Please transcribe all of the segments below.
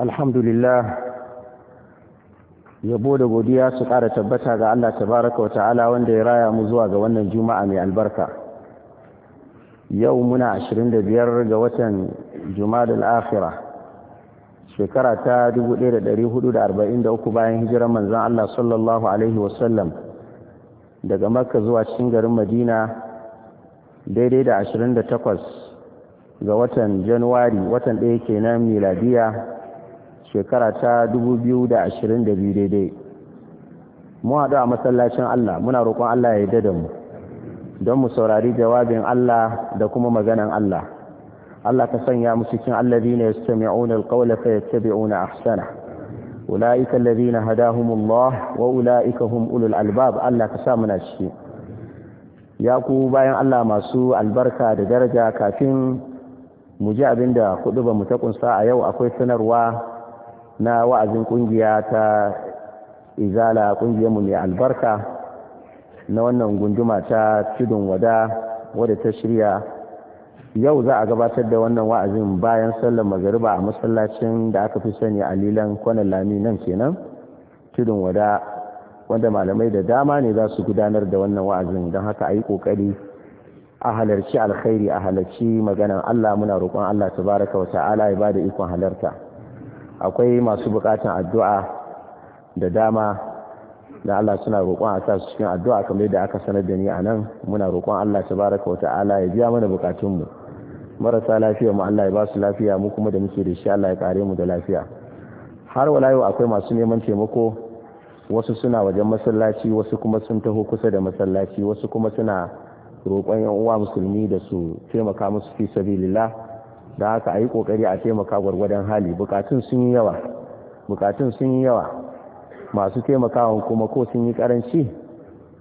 alhamdulillah yabo da godiya su ƙara tabbata ga Allah tabaraka wata'ala wanda ya raya mu zuwa ga wannan juma'a mai albarka yau muna 25 ga watan jumadal akhira shekara ta 1443 bayan hijira manzon Allah sallallahu alaihi wasallam daga makka zuwa cikin garin madina daidai da 28 ga watan januwari watan ɗaya kenan miladiya shekara ta 2022 daidai mu haɗu a masallacin Allah muna roƙon Allah ya yi da mu don mu saurari jawabin Allah da kuma maganan Allah Allah ka sanya mu cikin alladhina yastami'una alqawla fayattabi'una ahsana ulaika alladhina hadahumullah wa ulaika hum ulul albab Allah ka sa muna ciki ya ku bayan Allah masu albarka da daraja kafin mu ji abinda kuɗi ba mu ta kunsa a yau akwai sanarwa na wa'azin ƙungiya ta izala kungiyar mu mai albarka na wannan gunduma ta tudun wada wadda ta shirya yau za a gabatar da wannan wa'azin bayan sallar magariba a masallacin da aka fi sani a lilan kwanan lami nan kenan tudun wada wanda malamai da dama ne za su gudanar da wannan wa'azin don haka a yi kokari a halarci alkhairi a halarci maganan allah muna roƙon allah tabaraka wa ta'ala ya ba da ikon halarta akwai masu bukatan addu'a da dama da Allah suna roƙon a sa su cikin addu'a kamar da aka sanar da ni a nan muna roƙon Allah tabaraka wa ta'ala ya biya mana bukatunmu marasa lafiya mu Allah ya ba su lafiya mu kuma da muke da shi Allah ya kare mu da lafiya har wala akwai masu neman taimako wasu suna wajen masallaci wasu kuma sun taho kusa da masallaci wasu kuma suna roƙon yan uwa musulmi da su taimaka musu fi sabilillah da haka a yi ƙoƙari a taimaka gwargwadon hali bukatun sun yi yawa bukatun sun yi yawa masu taimakawa kuma ko sun yi ƙaranci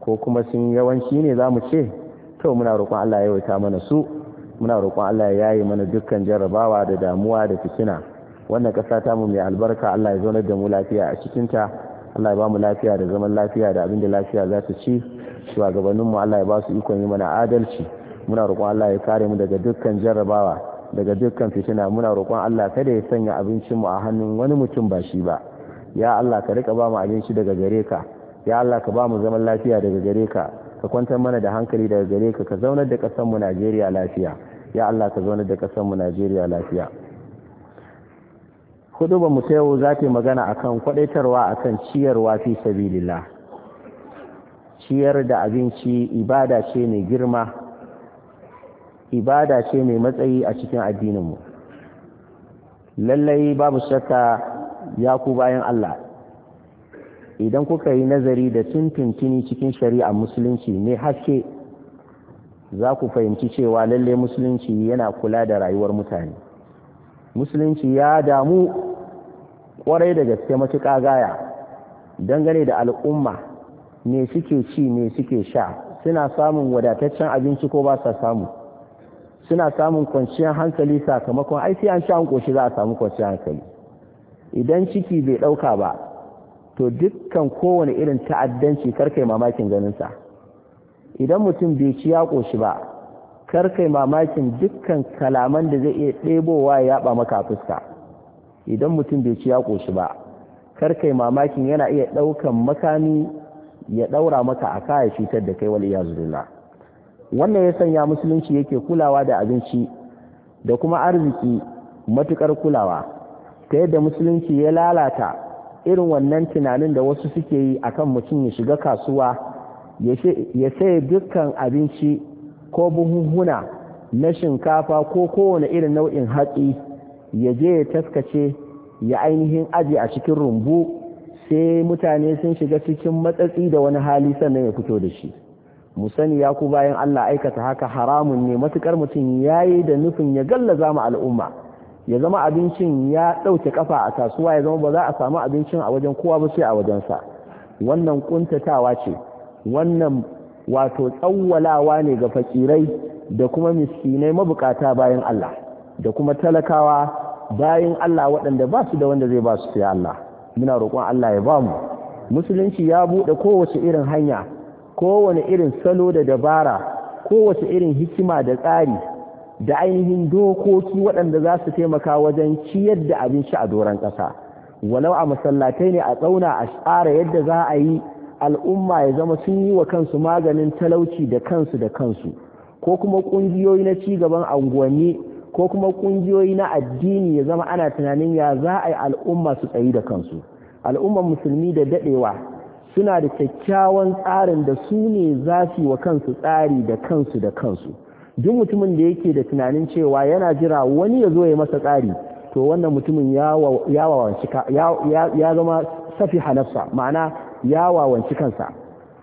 ko kuma sun yi yawanci ne za mu ce to muna roƙon Allah ya wata mana su muna roƙon Allah ya yaye mana dukkan jarrabawa da damuwa da fitina wannan ƙasa ta mu mai albarka Allah ya zaunar da mu lafiya a cikinta Allah ya ba mu lafiya da zaman lafiya da abin da lafiya za ta ci shugabanninmu Allah ya ba su ikon yi mana adalci muna roƙon Allah ya kare mu daga dukkan jarrabawa daga dukkan fitina muna roƙon Allah kada ya sanya abincin mu a hannun wani mutum ba shi ba ya Allah ka rika ba mu abinci daga gare ka ya Allah ka ba mu zaman lafiya daga gare ka ka kwantar mana da hankali daga gare ka ka zaunar da ƙasar mu Najeriya lafiya ya Allah ka zaunar da ƙasar mu Najeriya lafiya ba mu ta za ta yi magana akan kwadaitarwa akan ciyarwa fi sabilillah ciyar da abinci ibada ce mai girma ibada ce mai matsayi a cikin addininmu lallai babu shakka ya ku bayan Allah idan kuka yi nazari da tuntuntuni cikin shari'a musulunci ne haske za ku fahimci cewa lallai musulunci yana kula da rayuwar mutane musulunci ya damu kwarai da gaske matuƙa gaya dangane da al'umma ne suke ci ne suke sha suna samun wadataccen abinci ko ba sa samu suna samun kwanciyar hankali sakamakon aiki an sha hankoshi za a samu kwanciyar hankali idan ciki bai ɗauka ba to dukkan kowane irin ta'addanci karkai mamakin ganinsa idan mutum bai ci ya koshi ba karkai mamakin dukkan kalaman da zai iya ɗebowa ya ba maka fuska idan mutum bai ci ya koshi ba karkai mamakin yana iya ɗaukan makami ya ɗaura maka a kaya cutar da kai wal iyazu wannan ya sanya musulunci yake kulawa da abinci da kuma arziki matukar kulawa ta yadda musulunci ya lalata irin wannan tunanin da wasu suke yi akan mutum ya shiga kasuwa ya saye dukkan abinci ko buhuhuna na shinkafa ko kowane irin nau'in hatsi ya je ya taskace ya ainihin aji a cikin rumbu sai mutane sun shiga cikin matsatsi da wani hali sannan ya fito da shi mu sani ya ku bayan Allah aikata haka haramun ne matukar mutum ya yi da nufin ya gallaza mu al'umma ya zama abincin ya ɗauke kafa a kasuwa ya zama ba za a samu abincin a wajen kowa ba sai a wajen sa wannan kuntatawa ce wannan wato tsawwalawa ne ga fakirai da kuma miskinai mabukata bayan Allah da kuma talakawa bayan Allah waɗanda ba su da wanda zai ba su sai Allah muna roƙon Allah ya ba mu musulunci ya buɗe kowace irin hanya kowane irin salo da dabara kowace irin hikima da tsari da ainihin dokoki waɗanda za su taimaka wajen ciyar da abinci a doron ƙasa walau a masallatai ne a tsauna a tsara yadda za a yi al'umma ya zama sun yi wa kansu maganin talauci da kansu da kansu ko kuma ƙungiyoyi na cigaban gaban anguwanni ko kuma ƙungiyoyi na addini ya zama ana tunanin ya za a yi al'umma su tsayi da kansu al'ummar musulmi da daɗewa suna da kyakkyawan tsarin da su ne za su wa kansu tsari da kansu da kansu duk mutumin da yake da tunanin cewa yana jira wani ya zo ya masa tsari to wannan mutumin ya zama safi hanafsa ma'ana ya wawanci kansa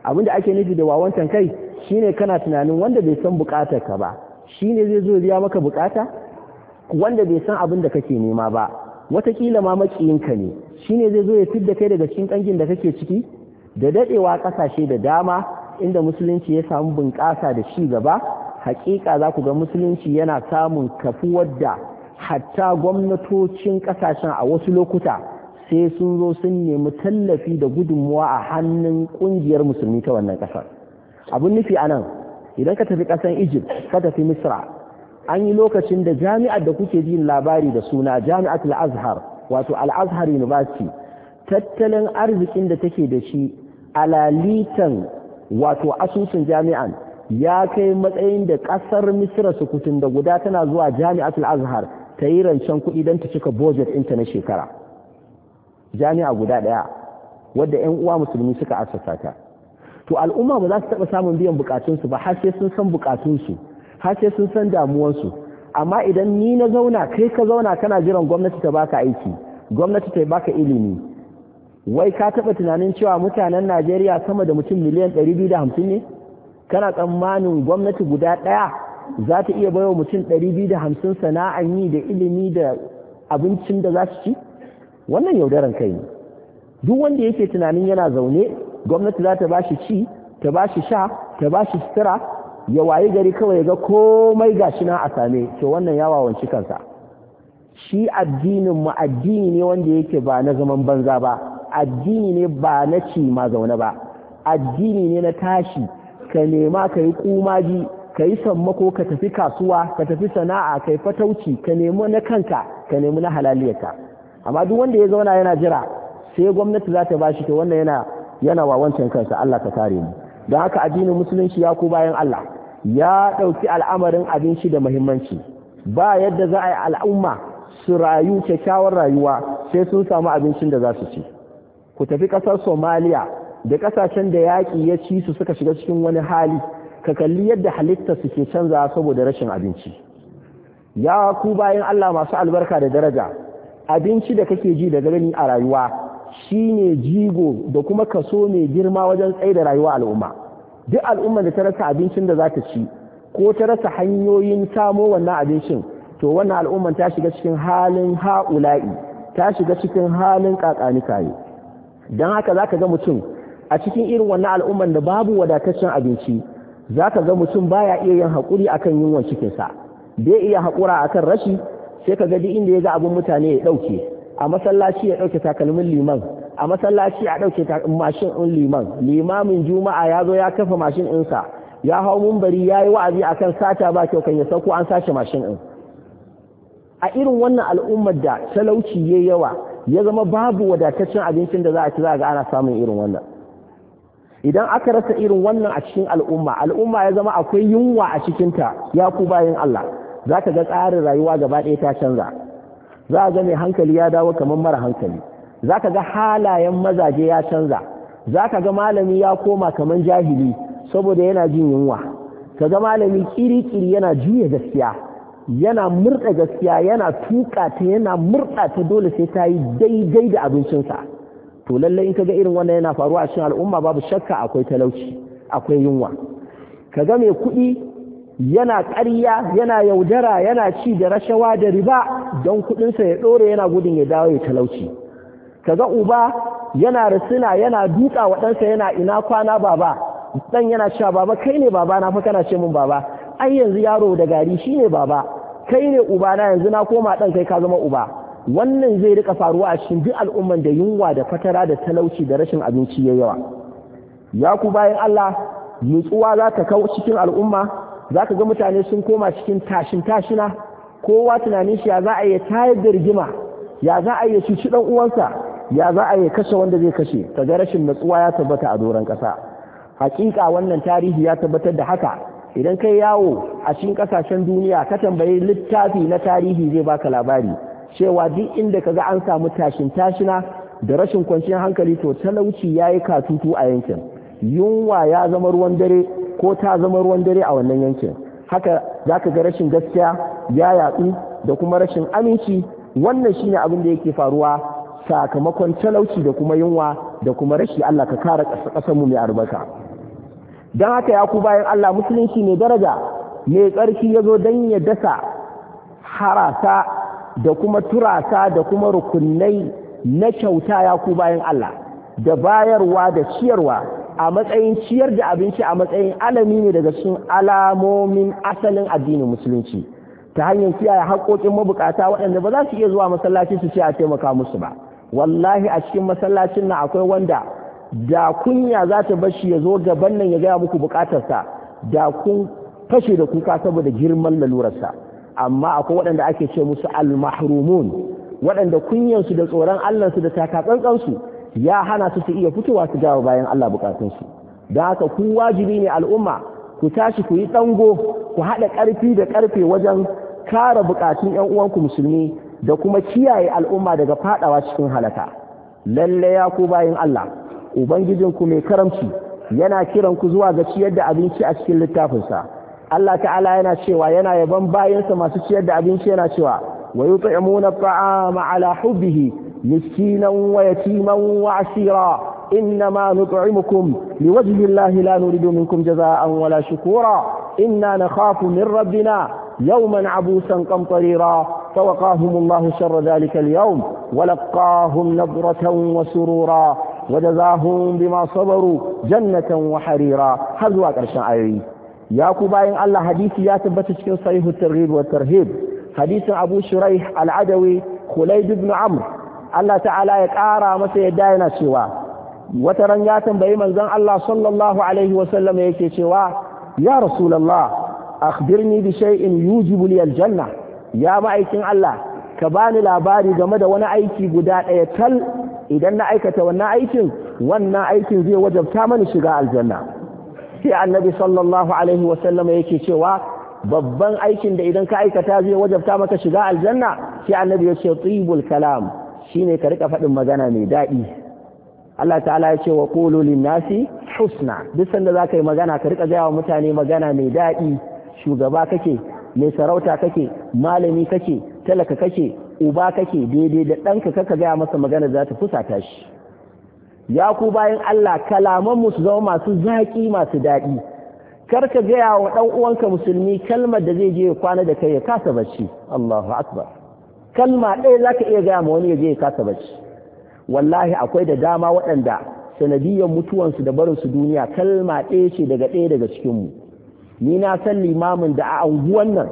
abin da ake nufi da wawancan kai shine kana tunanin wanda bai san bukatar ka ba shine zai zo ya maka bukata wanda bai san abin da kake nema ba watakila ma maƙiyinka ne shine zai zo ya fidda kai daga cikin kangin da kake ciki da dadewa kasashe da dama inda musulunci ya samu bunƙasa da ci gaba hakika za ku ga musulunci yana samun kafuwar da hatta gwamnatocin kasashen a wasu lokuta sai sun zo sun nemi tallafi da gudunmuwa a hannun ƙungiyar musulmi ta wannan ƙasar. abun nufi a nan idan ka tafi kasar egypt ka tafi misra an yi lokacin da jami'ar da kuke jin labari da suna jami'at al-azhar wato al-azhar university tattalin arzikin da take da shi alalitan wato asusun jami'an ya kai matsayin da kasar misira sukutun da guda tana zuwa jami'atul azhar ta yi rancen kuɗi don ta cika budget ɗinta na shekara jami'a guda ɗaya wadda 'yan uwa musulmi suka asasa ta to al'umma ba za su taɓa samun biyan bukatunsu ba har sai sun san bukatunsu har sai sun san damuwansu amma idan ni na zauna kai ka zauna kana jiran gwamnati ta baka aiki gwamnati ta baka ilimi wai ka taɓa tunanin cewa mutanen najeriya sama da mutum miliyan 250 ne kana tsammanin gwamnati guda ɗaya za ta iya baiwa mutum 250 sana'an yi da ilimi da abincin da za su ci wannan yaudaran kai ne duk wanda yake tunanin yana zaune gwamnati za ta bashi ci ta bashi sha ta bashi sutura ya wayi gari kawai ga komai gashi na a same to wannan yawa kansa shi addinin mu addini ne wanda yake ba na zaman banza ba addini ne ba na ci ma zaune ba addini ne na tashi ka nema ka yi kumaji ka yi sammako ka tafi kasuwa ka tafi sana'a ka yi fatauci ka nemi na kanka ka nemi na halaliyarka amma duk wanda ya zauna yana jira sai gwamnati za ta bashi to wannan yana yana wa wancan kansa Allah ka kare mu don haka addinin musulunci ya ku bayan Allah ya ɗauki al'amarin abinci da muhimmanci ba yadda za a yi al'umma su rayu kyakkyawar rayuwa sai sun samu abincin da za su ci ku tafi ƙasar somaliya da ƙasashen da yaƙi ya ci su suka shiga cikin wani hali ka kalli yadda halitta suke canza saboda rashin abinci ya ku bayan allah masu albarka da daraja abinci da kake ji daga gani a rayuwa shine jigo da kuma kaso mai girma wajen tsaye da rayuwa al'umma duk al'umma da ta rasa abincin da za ta ci ko ta rasa hanyoyin samo wannan abincin to wannan al'ummar ta shiga cikin halin ha'ula'i ta shiga cikin halin kayi. don haka za ka ga mutum a cikin irin wannan al'umman da babu wadataccen abinci za ka ga mutum baya iya yin haƙuri akan yunwan cikinsa bai iya haƙura akan rashi sai ka ga duk inda ya ga abin mutane ya ɗauke a masallaci ya ɗauke takalmin liman a masallaci a ɗauke mashin ɗin liman limamin juma'a ya zo ya kafa mashin ɗinsa ya hau mumbari ya yi wa'azi akan sata ba kyau kan ya sauko an sace mashin ɗin a irin wannan al'ummar da talauci ya yawa ya zama babu wadataccen abincin da za a ci za ga ana samun irin wannan idan aka rasa irin wannan a cikin al'umma al'umma ya zama akwai yunwa a cikinta ya ku bayan Allah za ka ga tsarin rayuwa gaba ɗaya ta canza za a ga mai hankali ya dawo kamar mara hankali za ka ga halayen mazaje ya canza za ka ga malami ya koma kamar jahili saboda yana jin yunwa ka ga malami kiri-kiri yana juya gaskiya yana murda gaskiya yana tuƙa ta yana murɗa ta dole sai ta yi daidai da abincinsa to lalle in kaga irin wannan yana faruwa a cikin al'umma babu shakka akwai talauci akwai yunwa kaga mai kuɗi yana ƙarya yana yaudara yana ci da rashawa da riba don kuɗinsa ya ɗore yana gudun ya dawo ya talauci kaga uba yana rasina yana duka wa ɗansa yana ina kwana baba ɗan yana cewa baba kai ne baba na fa kana ce min baba ai yanzu yaro da gari shine baba kai ne uba na yanzu na koma ɗan kai ka zama uba wannan zai rika faruwa a cikin duk al'umman da yunwa da fatara da talauci da rashin abinci ya yawa ya ku bayan Allah nutsuwa za ta kawo cikin al'umma za ka ga mutane sun koma cikin tashin tashina kowa tunanin shi ya za a yi tayar da rigima ya za a yi cuci dan uwansa ya za a yi kashe wanda zai kashe kaga rashin nutsuwa ya tabbata a doron ƙasa. hakika wannan tarihi ya tabbatar da haka idan kai yawo a cikin kasashen duniya ka tambayi littafi na tarihi zai baka labari cewa duk inda kaga an samu tashin tashina da rashin kwanciyar hankali to talauci yayi katutu a yankin yunwa ya zama ruwan dare ko ta zama ruwan dare a wannan yankin haka za ka ga rashin gaskiya ya yatsu da kuma rashin aminci wannan shine abin da yake faruwa sakamakon talauci da kuma yunwa da kuma rashi Allah ka kare ƙasar mu mai albarka don haka ya ku bayan Allah musulunci mai daraja mai ƙarfi ya zo don ya dasa harasa da kuma turasa da kuma rukunai na kyauta ya ku bayan Allah da bayarwa da ciyarwa a matsayin ciyar da abinci a matsayin alami ne daga cikin alamomin asalin addinin musulunci ta hanyar kiyaye haƙoƙin mabukata waɗanda ba za su iya zuwa masallaci su ce a taimaka musu ba wallahi a cikin masallacin nan akwai wanda da kunya za ta bashi ya zo gaban nan ya gaya muku bukatarsa da kun fashe da kuka saboda girman lalurarsa amma akwai waɗanda ake ce musu almahrumun waɗanda kunyansu da tsoron allansu da takatsantsansu ya hana su su iya fitowa su gawa bayan allah bukatunsu Da haka kun wajibi ne al'umma ku tashi ku yi ɗango ku haɗa ƙarfi da ƙarfe wajen kare bukatun ƴan uwanku musulmi da kuma kiyaye al'umma daga faɗawa cikin halaka lalle ya ku bayan allah ubangijinku mai karamci yana kiran ku zuwa ga ciyar da abinci a cikin littafinsa Allah ta'ala yana cewa yana yaban bayansa masu ciyar da abinci yana cewa wa yut'imuna at'ama ala hubbihi miskinan wa yatiman wa asira إنما نطعمكم لوجه الله لا نريد منكم جزاء ولا شكورا إنا نخاف من ربنا يوما عبوسا قمطريرا فوقاهم الله شر ذلك اليوم ولقاهم نظرة وسرورا وجزاهم بما صبروا جنة وحريرا هل واقع أكرشان يا كوباين الله حديثي يا تبتشكين صحيح الترغيب والترهيب حديث أبو شريح العدوي خليد بن عمرو الله تعالى ya ƙara masa ya wata ran ya tambayi manzon Allah sallallahu alaihi wasallam yake cewa ya rasulullah akhbirni bi shay'in yujibu li aljanna ya ma'aikin Allah ka bani labari game da wani aiki guda ɗaya tal idan na aikata wannan aikin wannan aikin zai wajabta mani shiga aljanna sai annabi sallallahu alaihi wasallam yake cewa babban aikin da idan ka aikata zai wajabta maka shiga aljanna sai annabi ya ce tsibul kalam shine ka rika faɗin magana mai daɗi Allah ta'ala ya ce wa qulu nasi husna duk sanda zaka yi magana ka rika gaya wa mutane magana mai daɗi shugaba kake mai sarauta kake malami kake talaka kake uba kake daidai da ɗanka kaka gaya masa magana za ta fusata shi ya ku bayan Allah kalaman su zama masu zaƙi masu daɗi kar ka gaya wa ɗan uwanka musulmi kalmar da zai je ya kwana da kai ya kasa bacci Allahu akbar kalma ɗaya zaka iya gaya ma wani ya je ya kasa bacci wallahi akwai da dama waɗanda sanadiyyar mutuwansu da barinsu duniya kalma ɗaya ce daga ɗaya daga cikinmu ni na san limamin da a anguwan nan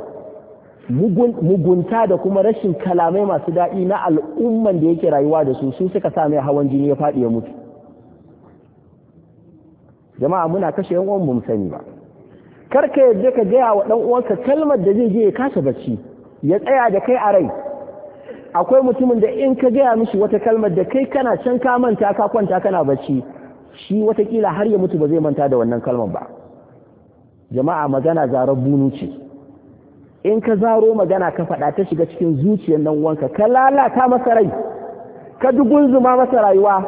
mugunta da kuma rashin kalamai masu daɗi na al'umman da yake rayuwa da su su suka sa mai hawan jini ya faɗi ya mutu jama'a muna kashe yan uwan mu sani ba kar ka yadda ka gaya wa ɗan uwanka kalmar da zai je ya kasa bacci ya tsaya da kai a rai akwai mutumin da in ka gaya mishi wata kalmar da kai kana can ka manta ka kwanta kana bacci shi watakila har ya mutu ba zai manta da wannan kalmar ba jama'a magana zarar bunu ce in ka zaro magana ka faɗa ta shiga cikin zuciyar nan wanka ka lalata masa rai ka dugunzuma masa rayuwa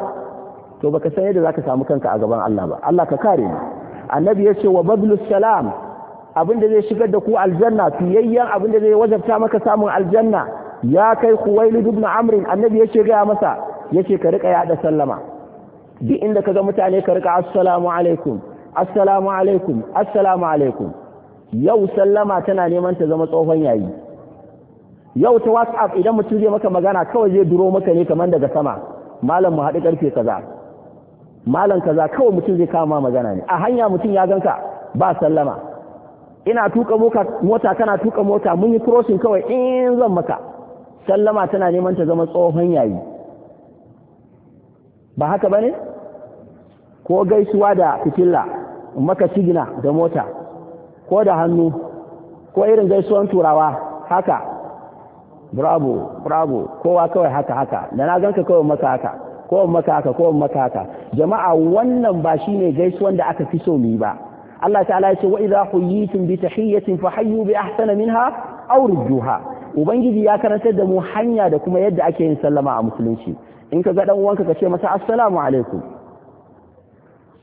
to baka san yadda zaka samu kanka a gaban Allah ba Allah ka kare ni annabi ya ce wa bablu salam abin zai shigar da ku aljanna fiyayyen abin da zai wajabta maka samun aljanna ya kai Khuwailid ibn Amr annabi yake gaya masa yake ka rika yada sallama duk inda kaga mutane ka rika assalamu alaikum assalamu alaikum assalamu alaikum yau sallama tana neman ta zama tsohon yayi yau ta WhatsApp idan mutum zai maka magana kawai zai duro maka ne kamar daga sama malam mu haɗu karfe kaza malam kaza kawai mutum zai kama magana ne a hanya mutum ya ganka ba sallama ina tuka mota kana tuka mota mun yi crossing kawai in zan maka sallama tana neman ta zama tsohon yayi ba haka bane ko gaisuwa da fitilla maka sigina da mota ko da hannu ko irin gaisuwan turawa haka bravo bravo kowa kawai haka haka da na ganka kawai maka haka ko maka haka ko maka haka jama'a wannan ba shine gaisuwan da aka fi so mu ba Allah ta'ala ya ce wa idha huyitum bi tahiyyatin fa hayyu bi ahsana minha aw rudduha ubangiji ya karantar da mu hanya da kuma yadda ake yin sallama a musulunci in ka ga dan uwanka ka ce masa assalamu alaikum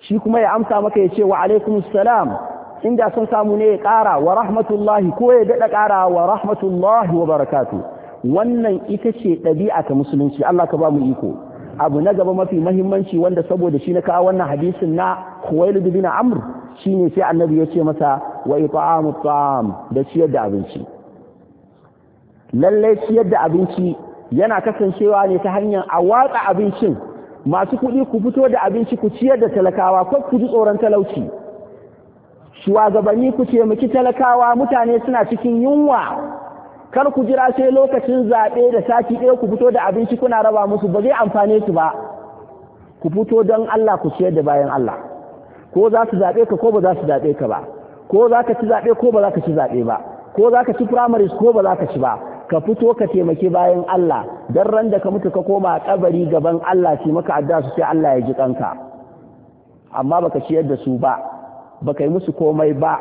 shi kuma ya amsa maka ya ce wa alaikum salam inda sun samu ne ya ƙara wa rahmatullahi ko ya daɗa kara wa rahmatullahi wa barakatu wannan ita ce ɗabi'a ta musulunci Allah ka ba mu iko abu na gaba mafi muhimmanci wanda saboda shi na kawo wannan hadisin na Khuwailid bin Amr shine sai annabi ya ce masa wa ita'amut ta'am da ciyar da abinci lallai ciyar da abinci yana kasancewa ne ta hanyar a watsa abincin masu kuɗi ku fito da abinci ku ciyar da talakawa ko ku ji tsoron talauci shugabanni ku ce miki talakawa mutane suna cikin yunwa kar ku jira sai lokacin zaɓe da sati ɗaya ku fito da abinci kuna raba musu ba zai amfane su ba ku fito don Allah ku ciyar da bayan Allah ko za su zaɓe ka ko ba za su zaɓe ka ba ko za ka ci zaɓe ko ba za ka ci zaɓe ba ko za ka ci primary ko ba za ka ci ba ka fito ka taimaki bayan Allah dan ran da ka mutu ka koma kabari gaban Allah ce maka addu'a su sai Allah ya ji kanka amma baka ciyar da su ba baka yi musu komai ba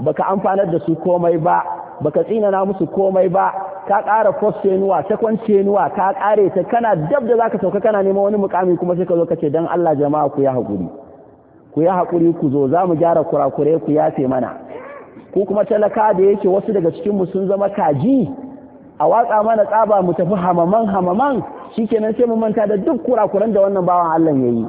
baka amfanar da su komai ba baka tsinana musu komai ba ka ƙara fosfenuwa ta kwancenuwa ka ƙare ta kana dab da zaka sauka kana neman wani mukami kuma sai ka zo ka ce dan Allah jama'a ku ya haƙuri ku ya hakuri ku zo za mu gyara kurakurai ku yafe mana ko kuma talaka da yake wasu daga cikin mu sun zama kaji a watsa mana tsaba mu tafi hamaman hamaman shi shikenan sai mu manta da duk kurakuran da wannan bawan Allah ya yi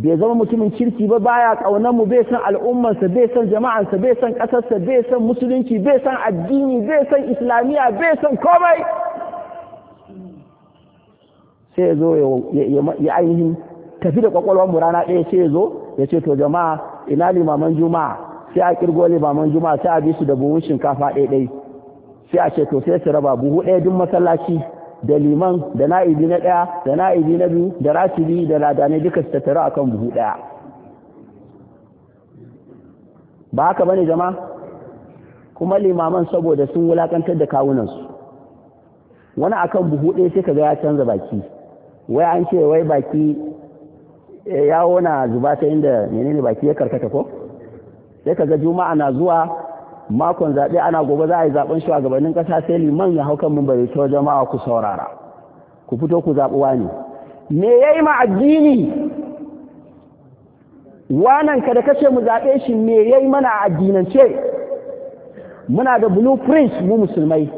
bai zama mutumin kirki ba baya kaunar mu bai san al'ummarsa bai san jama'arsa bai san ƙasarsa bai san musulunci bai san addini bai san islamiyya bai san komai sai ya zo ya ainihin tafi da kwakwalwar mu rana ɗaya sai ya zo ya ce to jama'a ina limaman juma'a sai a kirgo limaman juma'a sai a bi su da buhun shinkafa ɗaya ɗaya sai a ce to sai su raba buhu ɗaya duk masallaci da liman da na'ibi na ɗaya da na'ibi na biyu da ratibi da ladane duka su tattara akan buhu ɗaya ba haka bane jama kuma limaman saboda sun wulakantar da kawunansu wani akan buhu ɗaya sai kaga ya canza baki wai an ce wai baki e, yawo na zuba ta inda menene baki ya karkata ko sai kaga juma'a na zuwa makon zaɓe ana gobe za a yi zaɓen shugabannin ƙasa sai liman ya hau kan mumbari ta jama'a ku saurara ku fito ku zaɓi wani me ya yi ma addini wanan ka da kace mu zaɓe shi me ya yi mana a addinance muna da blueprint mu musulmai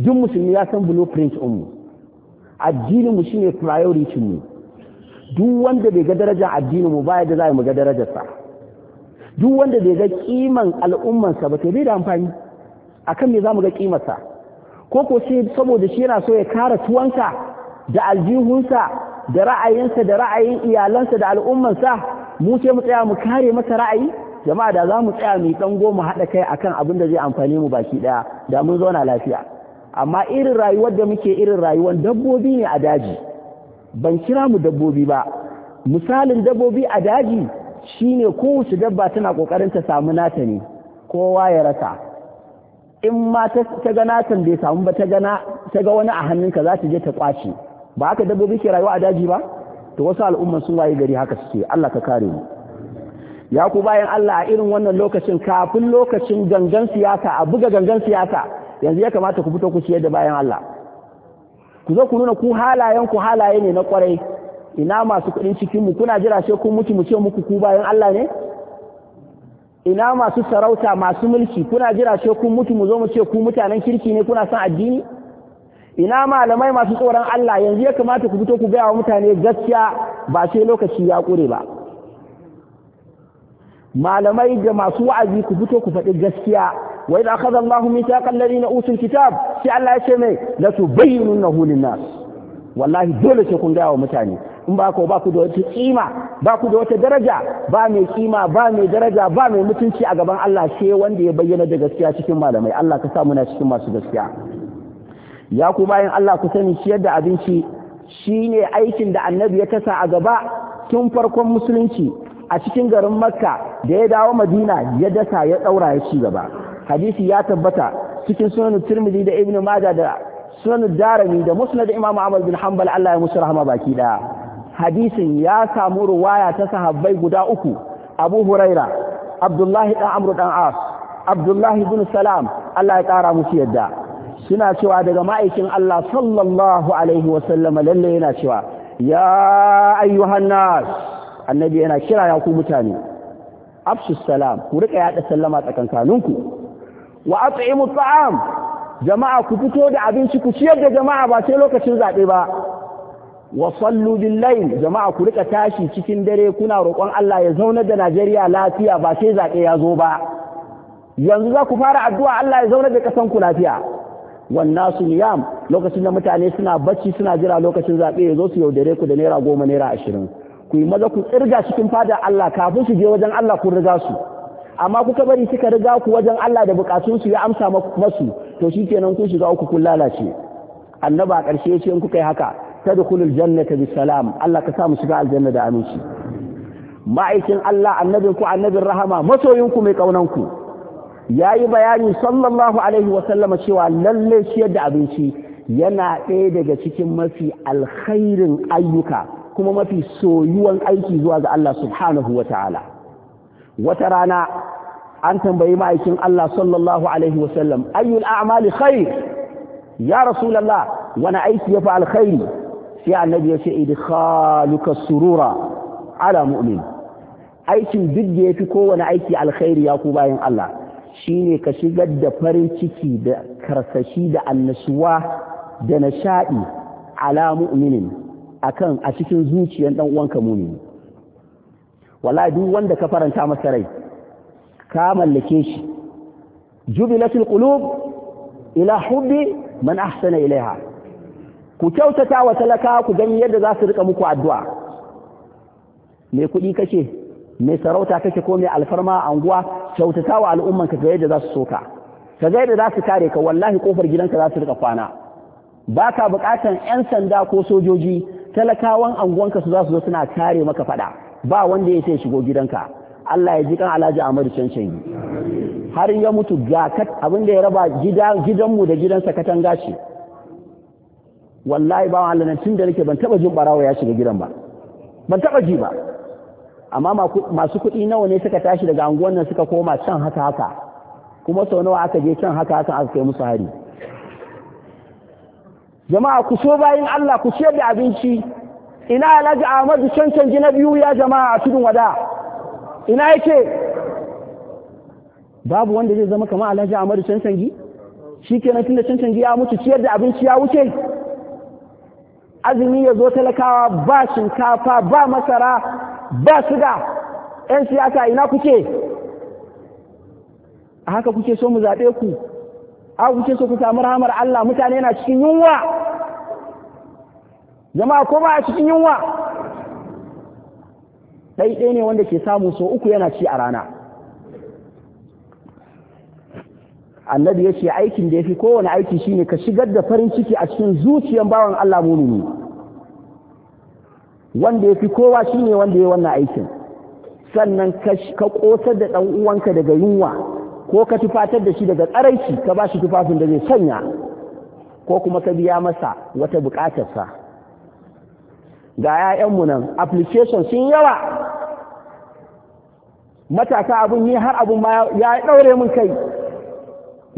duk musulmi ya san blueprint mu addinin mu shine priority mu duk wanda bai ga darajar addinin mu baya da za mu ga darajarsa duk wanda zai ga kiman al'ummansa ba to bai da amfani akan me za mu ga kimarsa ko ko sai saboda shi yana so ya kara tuwansa da aljihunsa da ra'ayinsa da ra'ayin iyalansa da al'ummansa mu sai mu tsaya mu kare masa ra'ayi jama'a da za mu tsaya mu dan goma haɗa kai akan abin da zai amfane mu baki ɗaya da mun zauna lafiya amma irin rayuwar da muke irin rayuwar dabbobi ne a daji ban kira mu dabbobi ba misalin dabbobi a daji Shi ne kowace dabba tana kokarin ta samu nata ne kowa ya rasa in ma ta ga natan bai samu ba ta ga wani a hannunka za ta je ta kwace ba haka dabbobi ke rayuwa a daji ba to wasu al'umman sun waye gari haka suke Allah ka kare mu ya ku bayan Allah a irin wannan lokacin kafin lokacin gangan siyasa a buga gangan siyasa yanzu ya kamata ku fito ku ciyar da bayan Allah ku zo ku nuna ku halayen ku halaye ne na kwarai ina masu kuɗin cikinmu kuna jira sai kun mutu mu ce muku ku bayan Allah ne ina masu sarauta masu mulki kuna jira sai kun mutu mu zo mu ce ku mutanen kirki ne kuna son addini ina malamai masu tsoron Allah yanzu ya kamata ku fito ku gaya wa mutane gaskiya ba sai lokaci ya ƙure ba malamai da masu wa'azi ku fito ku faɗi gaskiya wa idza akhadha Allahu mithaqa alladhina utul kitab sai Allah ya ce mai la tubayyinunahu lin-nas wallahi dole sai kun gaya wa mutane in ba ba ku da wata kima ba ku da wata daraja ba mai kima ba mai daraja ba mai mutunci a gaban Allah sai wanda ya bayyana da gaskiya cikin malamai Allah ka sa muna cikin masu gaskiya ya ku bayan Allah ku sani ciyar da abinci shine aikin da annabi ya tasa a gaba tun farkon musulunci a cikin garin makka da ya dawo madina ya dasa ya daura ya ci gaba hadisi ya tabbata cikin sunan tirmidhi da ibnu majah da sunan darimi da musnad imam ahmad bin hanbal Allah ya musu rahama baki daya hadisin ya samu ruwaya ta sahabbai guda uku abu huraira abdullahi dan Amur, dan as abdullahi bin salam Allah ya kara musu yadda suna cewa daga ma'aikin Allah sallallahu alaihi wasallam lalle yana cewa ya ayyuhan nas annabi yana kira ya ku mutane afshu salam ku rika yada sallama tsakankaninku wa at'imu ta'am jama'a ku fito da abinci ku ciyar da jama'a ba sai lokacin zabe ba wa sallu bil jama'a ku rika tashi cikin dare kuna roƙon Allah ya zauna da Najeriya lafiya ba sai zaɓe ya zo ba yanzu za ku fara addu'a Allah ya zauna da kasan ku lafiya Wannasu nasu niyam lokacin da mutane suna bacci suna jira lokacin zaɓe ya zo su yaudare ku da naira goma naira ashirin ku yi maza ku tsirga cikin fada Allah kafin su je wajen Allah kun riga su amma kuka bari suka riga ku wajen Allah da bukatun su ya amsa masu to shikenan kun shiga uku kun lalace annaba a ƙarshe ce in kuka yi haka tadkhulu aljannata bisalam Allah ka sa mu shiga aljanna da aminci ma'aikin Allah annabinku annabin rahama masoyin ku mai kaunan ku yayi bayani sallallahu alaihi wa sallama cewa lallai ciyar da abinci yana ɗaya daga cikin mafi alkhairin ayyuka kuma mafi soyuwan aiki zuwa ga Allah subhanahu wa ta'ala wata rana an tambayi ma'aikin Allah sallallahu alaihi wa sallam ayyul a'mali khair ya rasulullah wani aiki ya fi alkhairi sai annabi ya ce idkhaluka surura ala mu'min aikin duk da yafi kowane aiki alkhairi ya ku bayan Allah shine ka shigar da farin ciki da karsashi da annashuwa da nishadi ala mu'minin akan a cikin zuciyar dan uwanka mu'mini wallahi duk wanda ka faranta masa rai ka mallake shi jubilatul qulub ila hubbi man ahsana ilaiha ku kyautata wa talaka ku gani yadda za su rika muku addu'a mai kuɗi kake mai sarauta kake ko mai alfarma a anguwa kyautata wa al'umman ka yadda za su soka ka ga yadda za su kare ka wallahi kofar gidanka za su rika kwana ba ka buƙatan 'yan sanda ko sojoji talakawan anguwanka su za su zo suna kare maka faɗa ba wanda ya sai shigo gidanka Allah ya ji kan Alhaji Ahmadu Cancan har ya mutu ga abin da ya raba gidanmu da gidansa katanga ce wallahi ba Allah tun da nake ban taba jin barawa ya shiga gidan ba ban taba ji ba amma masu kuɗi nawa ne suka tashi daga anguwan nan suka koma can haka haka kuma sau nawa aka je can haka haka aka kai musu hari jama'a ku so bayin Allah ku ciyar da abinci ina alhaji Ahmadu can canji na biyu ya jama'a a tudun wada ina yake babu wanda zai zama kamar alhaji Ahmadu can can shi shikenan tunda da can canji ya mutu ciyar da abinci ya wuce azumi ya zo talakawa ba shinkafa ba masara ba suga ‘yan siyasa ina kuke a haka kuke so mu zaɓe ku a kuke so ku samu rahamar Allah mutane na cikin yunwa jama'a ko ba a cikin yunwa ɗai ne wanda ke samu so uku yana ci a rana annabi ya ce aikin da ya fi kowane aiki shine ka shigar da farin ciki a cikin zuciyar bawan Allah mumini wanda ya fi kowa shine wanda ya wannan aikin sannan ka kosar da ɗan uwanka daga yunwa ko ka tufatar da shi daga tsaraici ka ba shi tufafin da zai sanya ko kuma ka biya masa wata buƙatarsa ga 'ya'yan mu nan application sun yawa matasa abin yi har abun ma ya ɗaure mun kai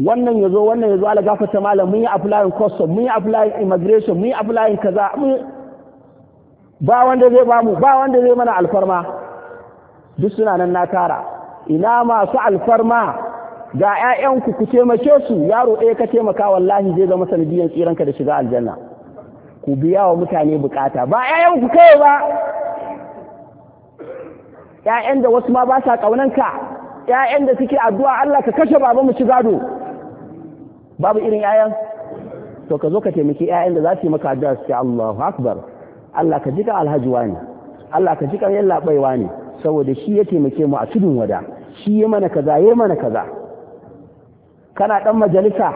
wannan ya zo wannan ya zo ala gafata malam mun yi applying custom mun yi applying immigration mun yi applying kaza ba wanda zai mu ba wanda zai mana alfarma duk suna nan na tara ina masu alfarma ga 'ya'yanku ku taimake su yaro ɗaya ka taimaka wallahi zai zama sanadiyan tsiranka da shiga aljanna ku biya wa mutane bukata ba 'ya'yanku kai ba 'ya'yan da wasu ma ba sa ƙaunanka 'ya'yan da suke addu'a Allah ka kashe baba mu ci gado babu irin 'ya'yan to ka zo ka taimaki 'ya'yan da za su yi maka addu'a sai Allahu akbar Allah ka jika alhaji wani Allah ka jika yalla labaiwa ne saboda shi ya taimake mu a tudun wada shi ya mana kaza ya mana kaza kana dan majalisa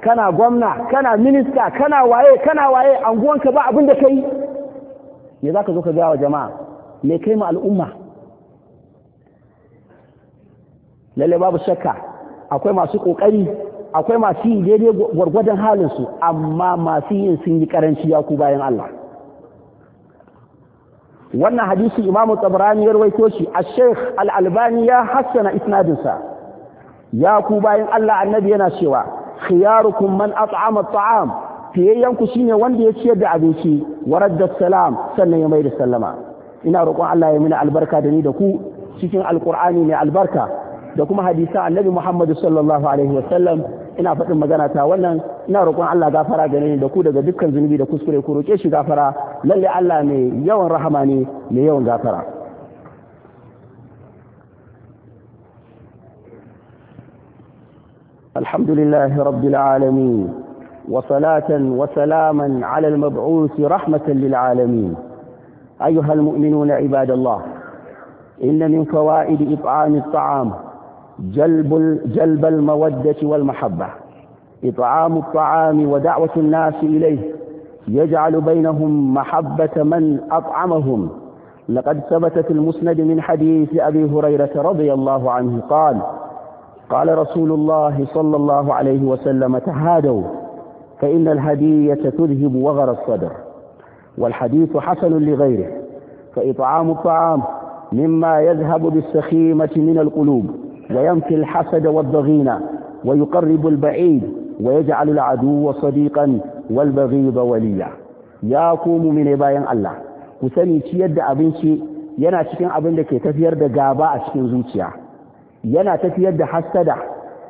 kana gwamna kana minista kana waye kana waye anguwanka ba abinda da kai me za ka zo ka gaya wa jama'a me kai mu al'umma lalle babu shakka akwai masu kokari akwai masu yi daidai gwargwadon halinsu amma masu yin sun yi karanci ya ku bayan Allah wannan hadisi imamu tsabarani ya rawaito shi a sheikh al'albani ya hassana isnadinsa ya ku bayan Allah annabi yana cewa khiyarukum man at'ama at'am shi shine wanda ya ciyar da abinci wa salam sannan ya mai da sallama ina roƙon Allah ya mini albarka da ni da ku cikin alqur'ani mai albarka da kuma hadisa annabi Muhammad sallallahu alaihi sallam. ina faɗin magana ta wannan ina roƙon Allah gafara gare ni da ku daga dukkan zunubi da kuskure ku roƙe shi gafara lalle Allah ne yawan rahama ne mai yawan gafara alhamdulillahi rabbil alamin wa salatan wa salaman ala al-mab'uth rahmatan lil alamin ayyuha al-mu'minuna ibadallah إن من فوائد إطعام الطعام جلب جلب المودة والمحبة إطعام الطعام ودعوة الناس إليه يجعل بينهم محبة من أطعمهم لقد ثبت في المسند من حديث أبي هريرة رضي الله عنه قال قال رسول الله صلى الله عليه وسلم تهادوا فإن الهدية تذهب وغر الصدر والحديث حسن لغيره فإطعام الطعام مما يذهب بالسخيمة من القلوب وينفي الحسد والضغينة ويقرب البعيد ويجعل العدو صديقا والبغيض وليا يا قوم من بايان الله كسني تيد أبنشي ينا تكين أبنك تفير دا غابا أشكين زوتيا ينا تفير دا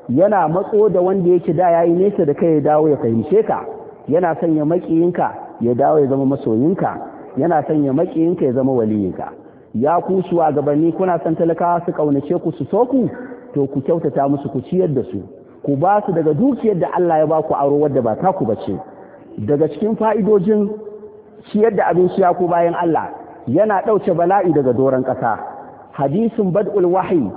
ينا مطود وان دي اتدا يا إنيسا دا كي داوي يقيمشيكا ينا سن يمكي ينكا يداوي زم مسوينكا ينا سن يمكي ينكا زم ولينكا ya ku gabanni kuna san talakawa su kaunace ku su so ku to ku kyautata musu ku ciyar da su ku ba su daga dukiyar da Allah ya ba ku aro wadda ba taku ba ce daga cikin fa'idojin ciyar da shi ya ku bayan Allah yana ɗauce bala'i daga doron ƙasa hadisin bad'ul wahyi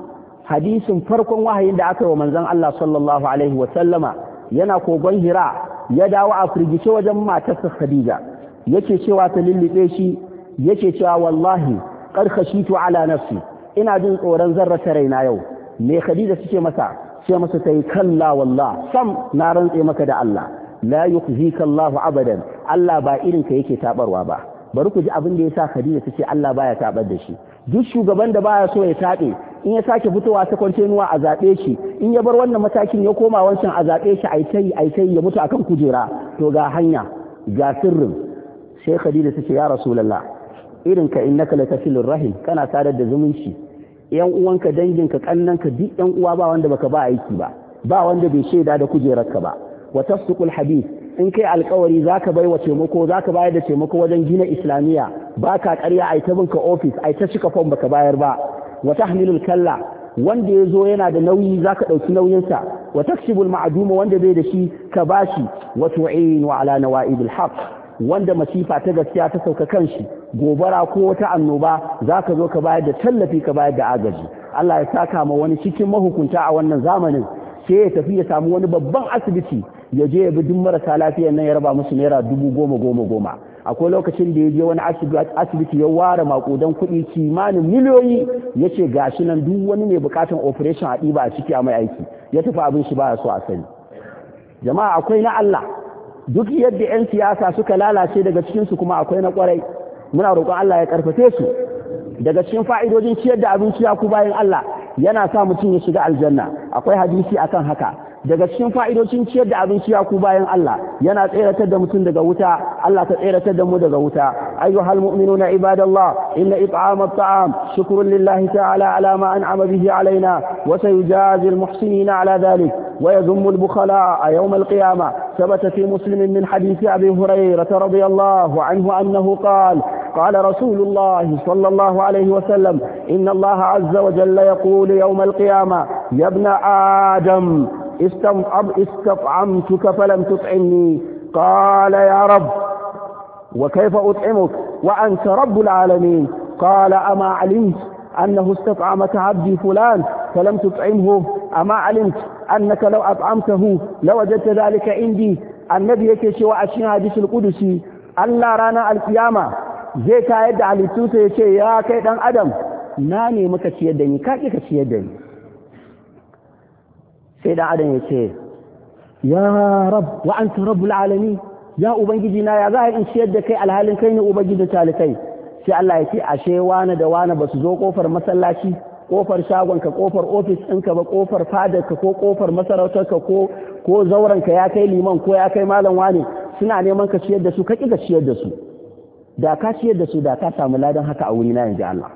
hadisin farkon wahayin da aka yi wa manzon Allah sallallahu alaihi wa sallama yana kogon hira ya dawo a firgice wajen matarsa Khadija yake cewa ta lullube shi yake cewa wallahi qad khashitu ala nafsi ina jin tsoron zarrata raina yau me khadija take masa sai masa tayi kalla wallah sam na rantse maka da Allah la yukhzika Allahu abadan Allah ba irin ka yake tabarwa ba bari ku ji abin da yasa khadija suke Allah baya tabar da shi duk shugaban da baya so ya tabe in ya sake fitowa ta kwance nuwa a zaɓe shi in ya bar wannan matakin ya koma wancan a zaɓe shi aikai ya mutu akan kujera to ga hanya ga sirrin sai khadija tace ya rasulullah irin ka naka latasilur rahim kana sadar da zumunci yan uwanka danginka kannanka duk yan uwa ba wanda baka ba aiki ba ba wanda bai shaida da kujerarka ba wa tasduqul hadith in kai alkawari zaka bai wa taimako zaka bayar da taimako wajen gina islamiya baka ƙarya ai ta binka office ai ta cika form baka bayar ba wa tahmilul kalla wanda ya zo yana da nauyi zaka ɗauki nauyinsa wa takshibul ma'duma wanda bai da shi ka bashi wa tu'inu ala nawaidil haqq wanda masifa ta gaskiya ta sauka kan shi gobara ko wata annoba za ka zo ka bayar da tallafi ka bayar da agaji Allah ya saka ma wani cikin mahukunta a wannan zamanin sai ya tafi ya samu wani babban asibiti ya je ya bi duk marasa lafiyar nan ya raba musu naira dubu goma goma goma akwai lokacin da ya je wani asibiti ya ware makudan kuɗi kimanin miliyoyi ya ce gashi nan duk wani mai bukatan operation a ɗiba a ciki a mai aiki ya tafi abin shi ba so a sani jama'a akwai na Allah duk yadda 'yan siyasa suka lalace daga cikinsu kuma akwai na kwarai muna roƙon Allah ya karfafe su daga cikin fa'idojin ciyar da abinci ya ku bayan Allah yana sa mutum ya shiga aljanna akwai hadisi akan haka daga cikin fa'idocin ciyar da abinci ya ku bayan Allah yana tseratar da mutum daga wuta Allah ta tseratar da mu daga wuta ayyuhal mu'minuna ibadallah inna it'ama at'am shukrun lillahi ta'ala ala ma an'ama bihi alaina wa sayujazi almuhsinina ala dhalik wa yadhummu albukhala yawm alqiyamah ثبت في مسلم من حديث أبي هريرة رضي الله عنه أنه قال قال رسول الله صلى الله عليه وسلم إن الله عز وجل يقول يوم القيامة يا ابن آدم استطعمتك فلم تطعمني قال يا رب وكيف اطعمك وانت رب العالمين قال اما علمت انه استطعمك عبدي فلان فلم تطعمه اما علمت انك لو اطعمته لوجدت ذلك عندي النبي يكي شوى عشرين حديث القدسي الا رانا القيامه زي كايد علي توتي يا كيدان ادم ناني مكتشي يدني كاكي كتشي يدني sai dan adam ya ce ya rab wa anta rabbul alamin ya ubangiji na ya za in ciyar da kai alhalin kai ne ubangiji talikai sai Allah ya ce ashe wani da wani ba su zo kofar masallaci kofar shagonka kofar ofis ɗinka ba kofar fadarka ko kofar masarautarka ko ko ka ya kai liman ko ya kai malam wani suna neman ka shiyar da su ka ƙi ga ciyar da su da ka ciyar da su da ka samu ladan haka a wuri na yanzu Allah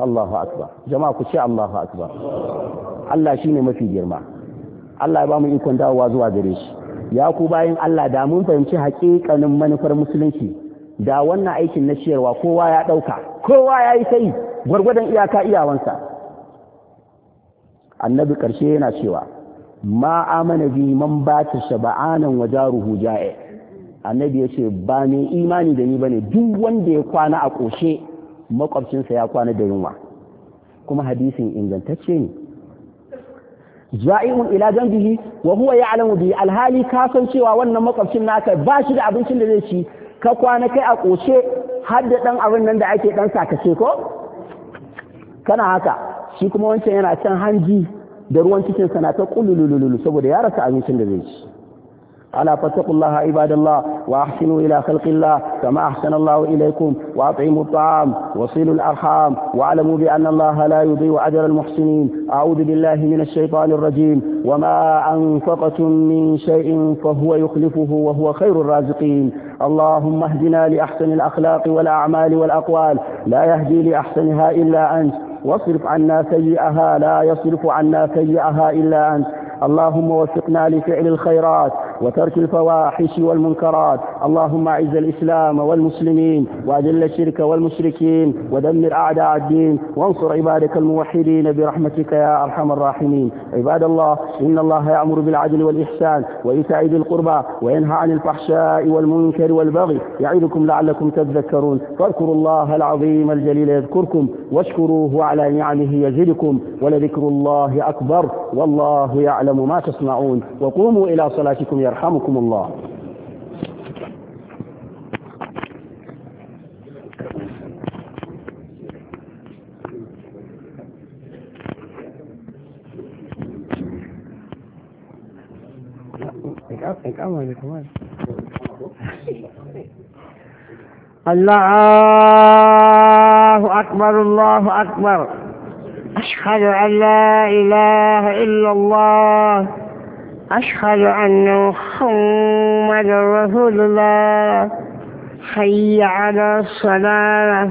Allahu akbar jama'a ku ce Allahu akbar Allah shine mafi girma Allah ya ba mu ikon dawowa zuwa gare shi ya ku bayan Allah da mun fahimci haƙiƙanin manufar musulunci da wannan aikin na ciyarwa kowa ya ɗauka kowa ya yi sai gwargwadon iyaka iyawansa annabi ƙarshe yana cewa ma amana bi man ba ta shaba'anan wa jaruhu ja'i annabi ya ce ba mai imani da ni bane duk wanda ya kwana a ƙoshe makwabcinsa ya kwana da yunwa kuma hadisin ingantacce ne ja'i'un ila janbihi wa huwa ya'lamu bi alhali ka san cewa wannan makwabcin naka ba shi da abincin da zai ci ka kwana kai a ƙoshe har da ɗan abin nan da ake ɗan sakace ko kana haka shi kuma wancan yana can hanji da ruwan cikinsa na ta ƙululululu saboda ya rasa abincin da zai ci ألا فاتقوا الله عباد الله وأحسنوا إلى خلق الله كما أحسن الله إليكم وأطعموا الطعام وصلوا الأرحام واعلموا بأن الله لا يضيع أجر المحسنين أعوذ بالله من الشيطان الرجيم وما أنفقتم من شيء فهو يخلفه وهو خير الرازقين اللهم اهدنا لأحسن الأخلاق والأعمال والأقوال لا يهدي لأحسنها إلا أنت واصرف عنا سيئها لا يصرف عنا سيئها إلا أنت اللهم وفقنا لفعل الخيرات وترك الفواحش والمنكرات اللهم أعز الإسلام والمسلمين وأذل الشرك والمشركين ودمر أعداء الدين وانصر عبادك الموحدين برحمتك يا أرحم الراحمين عباد الله إن الله يأمر بالعدل والإحسان وإيتاء ذي القربى وينهى عن الفحشاء والمنكر والبغي يعظكم لعلكم تذكرون فاذكروا الله العظيم الجليل يذكركم واشكروه على نعمه يزدكم ولذكر الله أكبر والله يعلم يعلم ما تصنعون وقوموا إلى صلاتكم يرحمكم الله الله أكبر الله أكبر أشهد أن لا إله إلا الله أشهد أن محمد رسول الله حي على الصلاة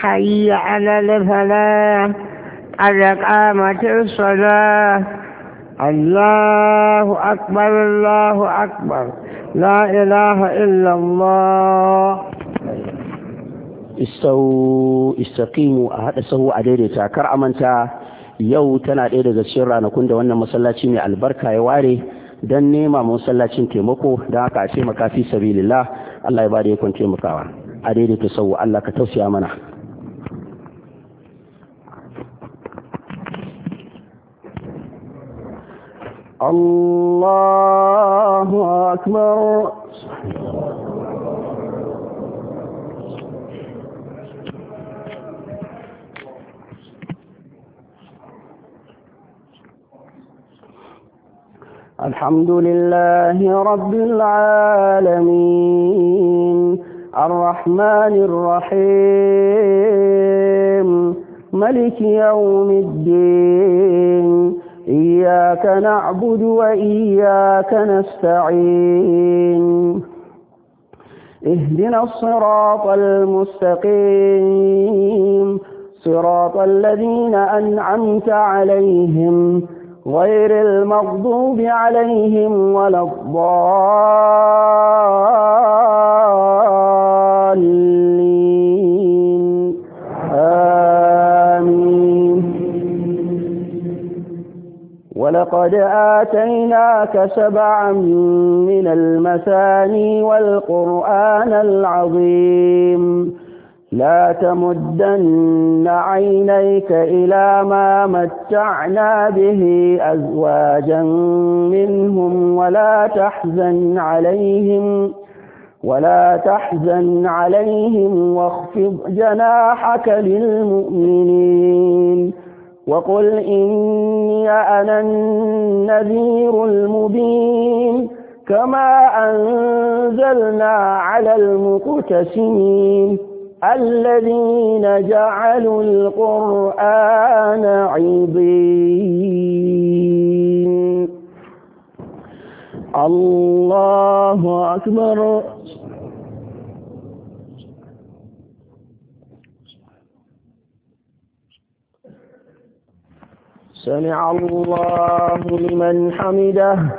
حي على الفلاح على قامة الصلاة الله أكبر الله أكبر لا إله إلا الله istau istaqimu a hada sahu a daidaita kar amanta yau tana ɗaya daga cikin ranakun da wannan masallaci mai albarka ya ware don nema masallacin taimako don haka a taimaka fi sabilillah Allah ya bada yakon taimakawa a daidaita sahu Allah ka tausaya mana الله أكبر الحمد لله رب العالمين الرحمن الرحيم ملك يوم الدين إياك نعبد وإياك نستعين اهدنا الصراط المستقيم صراط الذين أنعمت عليهم غير المغضوب عليهم ولا الضالين آمين ولقد آتيناك سبعا من المثاني والقرآن العظيم لا تمدن عينيك إلى ما متعنا به أزواجا منهم ولا تحزن عليهم ولا تحزن عليهم واخفض جناحك للمؤمنين وقل إني أنا النذير المبين كما أنزلنا على المقتسمين الذين جعلوا القرآن عظيم الله أكبر سمع الله لمن حمده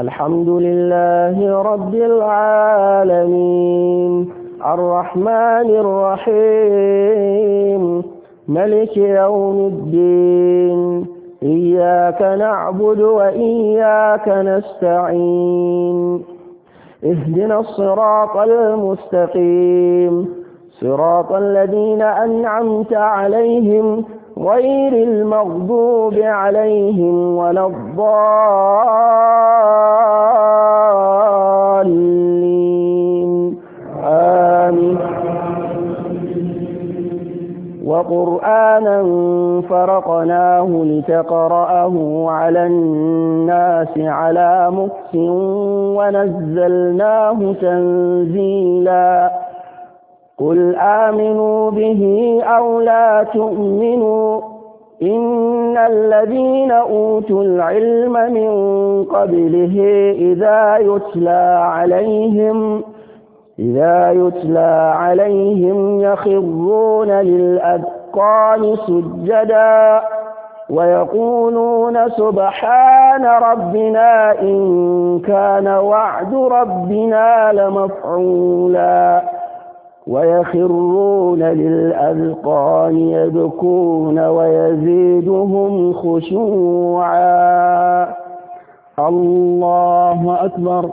الحمد لله رب العالمين الرحمن الرحيم ملك يوم الدين إياك نعبد وإياك نستعين اهدنا الصراط المستقيم صراط الذين أنعمت عليهم غير المغضوب عليهم ولا الضالين آمين وقرآنا فرقناه لتقرأه على الناس على مكس ونزلناه تنزيلاً قل آمنوا به أو لا تؤمنوا إن الذين أوتوا العلم من قبله إذا يتلى عليهم إذا يتلى عليهم يخرون للأذقان سجدا ويقولون سبحان ربنا إن كان وعد ربنا لمفعولا ويخرون للأذقان يبكون ويزيدهم خشوعا الله أكبر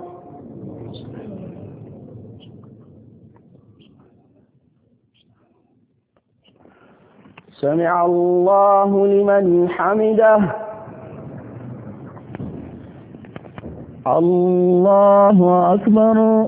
سمع الله لمن حمده الله أكبر